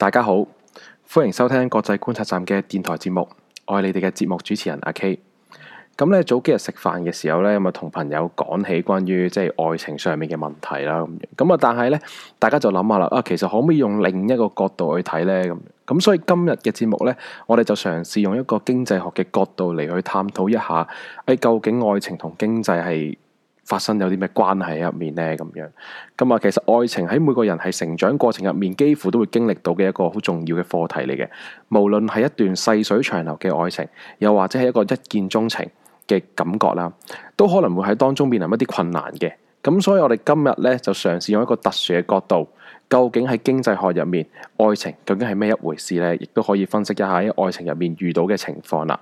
大家好，歡迎收聽國際觀察站嘅電台節目，我係你哋嘅節目主持人阿 K。咁咧早幾日食飯嘅時候咧，咁啊同朋友講起關於即係愛情上面嘅問題啦。咁咁啊，但係咧大家就諗下啦啊，其實可唔可以用另一個角度去睇咧？咁咁，所以今日嘅節目咧，我哋就嘗試用一個經濟學嘅角度嚟去探討一下，誒究竟愛情同經濟係。發生有啲咩關係入面呢？咁樣，咁啊其實愛情喺每個人係成長過程入面，幾乎都會經歷到嘅一個好重要嘅課題嚟嘅。無論係一段細水長流嘅愛情，又或者係一個一見鍾情嘅感覺啦，都可能會喺當中面臨一啲困難嘅。咁所以我哋今日呢，就嘗試用一個特殊嘅角度。究竟喺經濟學入面，愛情究竟係咩一回事呢？亦都可以分析一下喺愛情入面遇到嘅情況啦。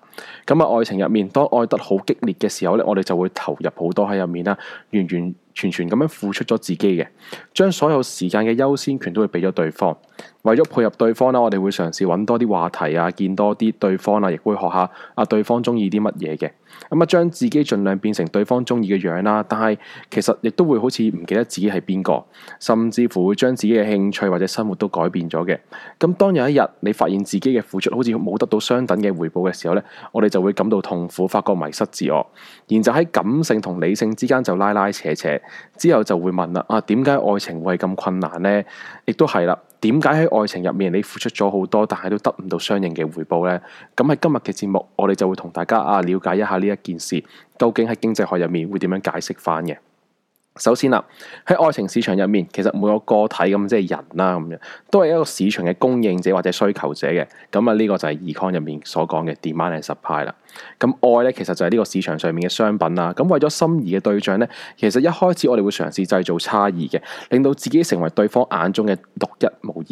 咁啊，愛情入面，當愛得好激烈嘅時候呢，我哋就會投入好多喺入面啦，完完全全咁樣付出咗自己嘅，將所有時間嘅優先權都會俾咗對方，為咗配合對方啦，我哋會嘗試揾多啲話題啊，見多啲對方啊，亦會學下啊對方中意啲乜嘢嘅。咁啊，將自己盡量變成對方中意嘅樣啦，但係其實亦都會好似唔記得自己係邊個，甚至乎會將自己嘅興趣或者生活都改變咗嘅。咁當有一日你發現自己嘅付出好似冇得到相等嘅回報嘅時候呢，我哋就會感到痛苦，發覺迷失自我，然就喺感性同理性之間就拉拉扯扯，之後就會問啦，啊，點解愛情會係咁困難呢？亦都係啦。點解喺愛情入面你付出咗好多，但係都得唔到相應嘅回報咧？咁喺今日嘅節目，我哋就會同大家啊瞭解一下呢一件事，究竟喺經濟學入面會點樣解釋返嘅？首先啦，喺愛情市場入面，其實每個個體，咁即係人啦，啊，咁樣都係一個市場嘅供應者或者需求者嘅。咁啊，呢個就係 Econ 入面所講嘅 demand and supply 啦。咁愛咧，其實就係呢個市場上面嘅商品啦。咁為咗心儀嘅對象咧，其實一開始我哋會嘗試製造差異嘅，令到自己成為對方眼中嘅獨一無二。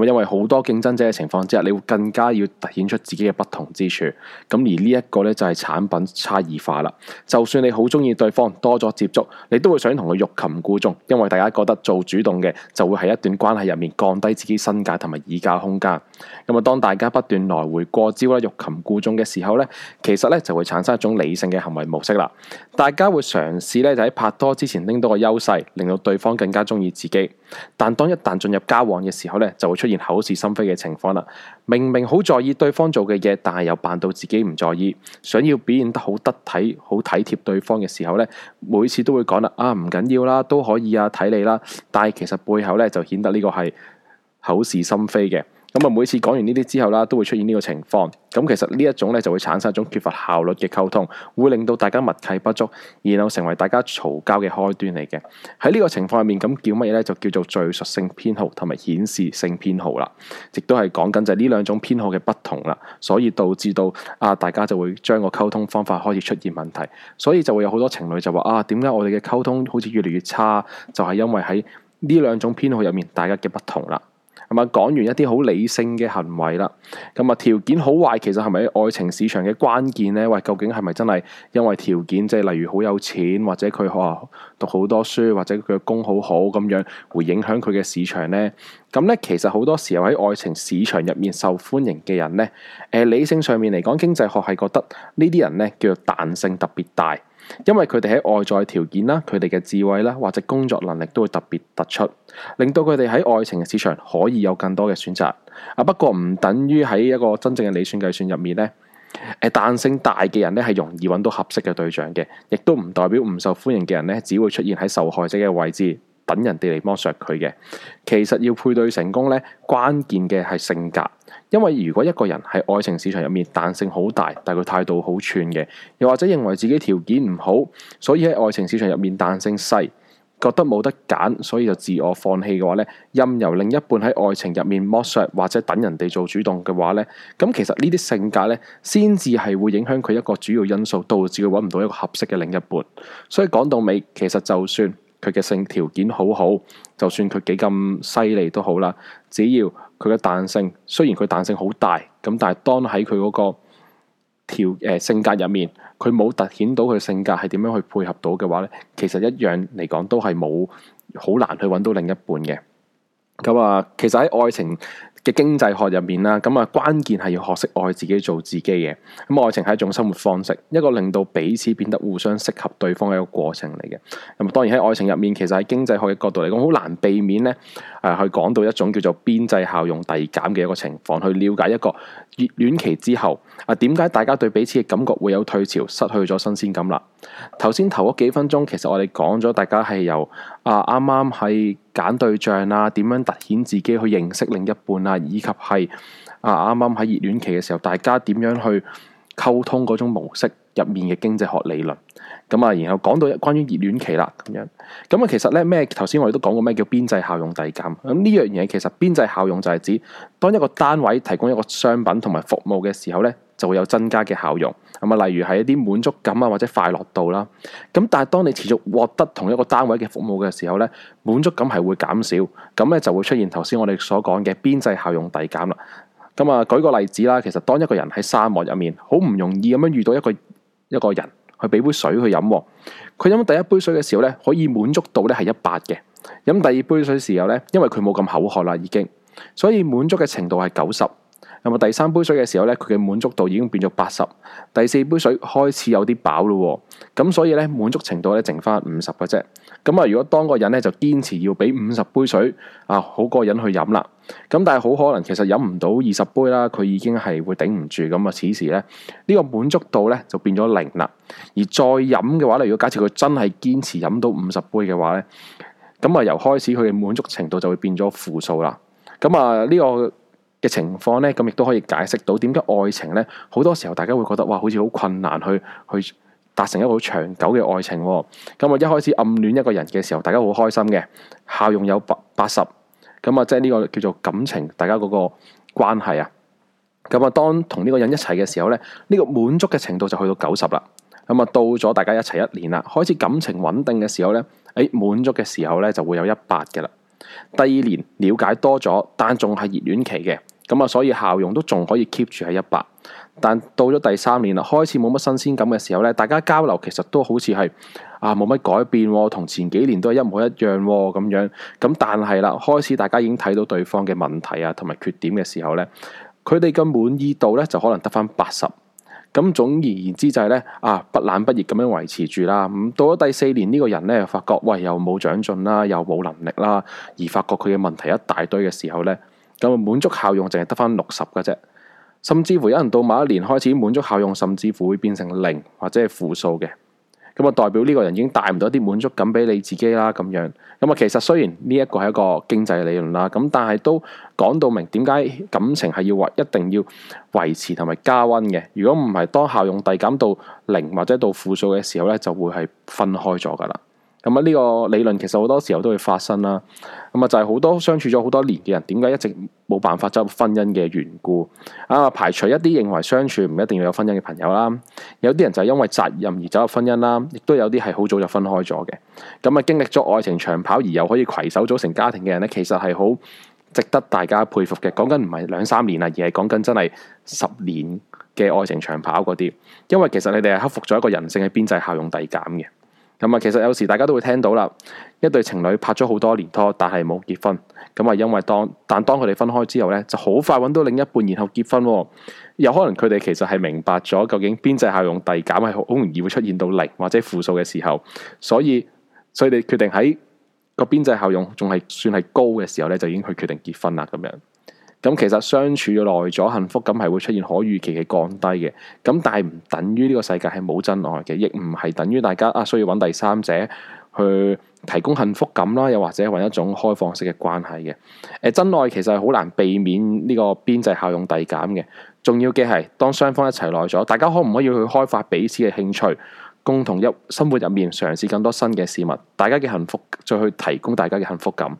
咁因為好多競爭者嘅情況之下，你會更加要凸顯出自己嘅不同之處。咁而呢一個咧就係、是、產品差異化啦。就算你好中意對方，多咗接觸，你都會想同欲擒故縱，因為大家覺得做主動嘅，就會喺一段關係入面降低自己身價同埋議價空間。咁啊，當大家不斷來回過招啦，欲擒故縱嘅時候咧，其實咧就會產生一種理性嘅行為模式啦。大家會嘗試咧就喺拍拖之前拎到個優勢，令到對方更加中意自己。但當一旦進入交往嘅時候咧，就會出現口是心非嘅情況啦。明明好在意對方做嘅嘢，但係又扮到自己唔在意，想要表現得好得體、好體貼對方嘅時候咧，每次都會講啦，啊，唔緊要啦，都可以啊，睇你啦。但係其實背後咧，就顯得呢個係口是心非嘅。咁啊，每次講完呢啲之後啦，都會出現呢個情況。咁其實呢一種咧，就會產生一種缺乏效率嘅溝通，會令到大家默契不足，然後成為大家嘈交嘅開端嚟嘅。喺呢個情況入面，咁叫乜嘢咧？就叫做敘述性偏好同埋顯示性偏好啦。亦都係講緊就係呢兩種偏好嘅不同啦，所以導致到啊，大家就會將個溝通方法開始出現問題。所以就會有好多情侶就話啊，點解我哋嘅溝通好似越嚟越差？就係因為喺呢兩種偏好入面，大家嘅不同啦。係咪講完一啲好理性嘅行為啦？咁啊條件好壞其實係咪愛情市場嘅關鍵呢？喂，究竟係咪真係因為條件，即係例如好有錢，或者佢學讀好多書，或者佢嘅工好好咁樣，會影響佢嘅市場呢？咁呢，其實好多時候喺愛情市場入面受歡迎嘅人呢，誒，理性上面嚟講，經濟學係覺得呢啲人呢，叫做彈性特別大。因為佢哋喺外在條件啦，佢哋嘅智慧啦，或者工作能力都會特別突出，令到佢哋喺愛情嘅市場可以有更多嘅選擇。啊，不過唔等於喺一個真正嘅理算計算入面咧，誒，彈性大嘅人咧係容易揾到合適嘅對象嘅，亦都唔代表唔受歡迎嘅人咧只會出現喺受害者嘅位置。等人哋嚟剝削佢嘅，其實要配對成功咧，關鍵嘅係性格。因為如果一個人喺愛情市場入面彈性好大，但佢態度好串嘅，又或者認為自己條件唔好，所以喺愛情市場入面彈性細，覺得冇得揀，所以就自我放棄嘅話咧，任由另一半喺愛情入面剝削或者等人哋做主動嘅話咧，咁其實呢啲性格咧，先至係會影響佢一個主要因素，導致佢揾唔到一個合適嘅另一半。所以講到尾，其實就算。佢嘅性條件好好，就算佢幾咁犀利都好啦。只要佢嘅彈性，雖然佢彈性好大，咁但係當喺佢嗰個條、呃、性格入面，佢冇凸顯到佢性格係點樣去配合到嘅話呢，其實一樣嚟講都係冇好難去揾到另一半嘅。咁啊，其實喺愛情嘅經濟學入面啦，咁啊關鍵係要學識愛自己做自己嘅，咁愛情係一種生活方式，一個令到彼此變得互相適合對方嘅一個過程嚟嘅。咁當然喺愛情入面，其實喺經濟學嘅角度嚟講，好難避免咧，誒、啊、去講到一種叫做邊際效用遞減嘅一個情況，去了解一個熱戀期之後啊，點解大家對彼此嘅感覺會有退潮、失去咗新鮮感啦？頭先頭嗰幾分鐘，其實我哋講咗，大家係由啊啱啱係揀對象啊，點樣凸顯自己去認識另一半啊，以及係啊啱啱喺熱戀期嘅時候，大家點樣去溝通嗰種模式入面嘅經濟學理論。咁啊，然後講到關於熱戀期啦，咁樣咁啊，其實咧咩頭先我哋都講過咩叫邊際效用遞減。咁呢樣嘢其實邊際效用就係指當一個單位提供一個商品同埋服務嘅時候咧。就會有增加嘅效用，咁啊，例如係一啲滿足感啊，或者快樂度啦。咁但係當你持續獲得同一個單位嘅服務嘅時候咧，滿足感係會減少，咁咧就會出現頭先我哋所講嘅邊際效用遞減啦。咁啊，舉個例子啦，其實當一個人喺沙漠入面，好唔容易咁樣遇到一個一個人去俾杯水去飲，佢飲第一杯水嘅時候咧，可以滿足度咧係一百嘅，飲第二杯水嘅時候咧，因為佢冇咁口渴啦已經，所以滿足嘅程度係九十。咁啊，第三杯水嘅時候咧，佢嘅滿足度已經變咗八十。第四杯水開始有啲飽咯，咁所以咧滿足程度咧剩返五十嘅啫。咁、嗯、啊，如果當個人咧就堅持要俾五十杯水啊，好過癮去飲啦。咁、嗯、但係好可能其實飲唔到二十杯啦，佢已經係會頂唔住。咁、嗯、啊，此時咧呢、這個滿足度咧就變咗零啦。而再飲嘅話咧，如果假設佢真係堅持飲到五十杯嘅話咧，咁啊由開始佢嘅滿足程度就會變咗負數啦。咁、嗯、啊呢、這個。嘅情況呢，咁亦都可以解釋到點解愛情呢，好多時候大家會覺得哇，好似好困難去去達成一個好長久嘅愛情。咁、嗯、啊，一開始暗戀一個人嘅時候，大家好開心嘅效用有八十。咁啊，即係呢個叫做感情，大家嗰個關係啊。咁、嗯、啊，當同呢個人一齊嘅時候呢，呢、這個滿足嘅程度就去到九十啦。咁、嗯、啊，到咗大家一齊一年啦，開始感情穩定嘅時候呢，誒、哎，滿足嘅時候呢，就會有一百嘅啦。第二年了解多咗，但仲係熱戀期嘅，咁啊，所以效用都仲可以 keep 住喺一百。但到咗第三年啦，開始冇乜新鮮感嘅時候呢，大家交流其實都好似係啊冇乜改變，同前幾年都係一模一樣咁樣。咁但係啦，開始大家已經睇到對方嘅問題啊，同埋缺點嘅時候呢，佢哋嘅滿意度呢，就可能得返八十。咁總而言之就係、是、咧，啊不冷不熱咁樣維持住啦。咁到咗第四年呢，這個人咧，又發覺喂，又冇長進啦，又冇能力啦，而發覺佢嘅問題一大堆嘅時候咧，咁啊滿足效用淨係得返六十嘅啫，甚至乎有人到某一年開始，滿足效用，甚至乎會變成零或者係負數嘅。咁啊，就代表呢個人已經帶唔到啲滿足感俾你自己啦，咁樣。咁啊，其實雖然呢一個係一個經濟理論啦，咁但係都講到明點解感情係要維，一定要維持同埋加溫嘅。如果唔係當效用遞減到零或者到負數嘅時候咧，就會係分開咗噶啦。咁啊，呢個理論其實好多時候都會發生啦。咁啊，就係好多相處咗好多年嘅人，點解一直冇辦法走入婚姻嘅緣故？啊，排除一啲認為相處唔一定要有婚姻嘅朋友啦，有啲人就係因為責任而走入婚姻啦，亦都有啲係好早就分開咗嘅。咁啊，經歷咗愛情長跑而又可以攜手組成家庭嘅人咧，其實係好值得大家佩服嘅。講緊唔係兩三年啊，而係講緊真係十年嘅愛情長跑嗰啲，因為其實你哋係克服咗一個人性嘅邊際效用遞減嘅。咁啊，其實有時大家都會聽到啦，一對情侶拍咗好多年拖，但係冇結婚，咁啊，因為當但當佢哋分開之後咧，就好快揾到另一半，然後結婚，有可能佢哋其實係明白咗究竟邊際效用遞減係好容易會出現到零或者負數嘅時候，所以所以你決定喺個邊際效用仲係算係高嘅時候咧，就已經去決定結婚啦，咁樣。咁其實相處耐咗，幸福感係會出現可預期嘅降低嘅。咁但係唔等於呢個世界係冇真愛嘅，亦唔係等於大家啊需要揾第三者去提供幸福感啦，又或者揾一種開放式嘅關係嘅。真愛其實係好難避免呢個邊際效用遞減嘅。重要嘅係當雙方一齊耐咗，大家可唔可以去開發彼此嘅興趣，共同一生活入面嘗試更多新嘅事物，大家嘅幸福再去提供大家嘅幸福感。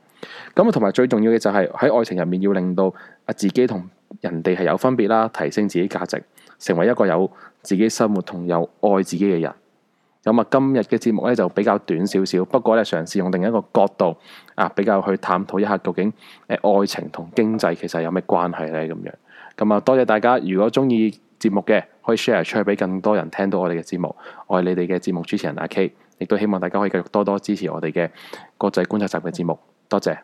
咁啊，同埋最重要嘅就係喺愛情入面要令到啊自己同人哋係有分別啦，提升自己價值，成為一個有自己生活同有愛自己嘅人。咁、嗯、啊，今日嘅節目咧就比較短少少，不過咧嘗試用另一個角度啊，比較去探討一下究竟誒愛情同經濟其實有咩關係咧咁樣。咁啊，多謝大家，如果中意節目嘅，可以 share 出去俾更多人聽到我哋嘅節目。我係你哋嘅節目主持人阿、啊、K，亦都希望大家可以繼續多多支持我哋嘅國際觀察集嘅節目。多謝。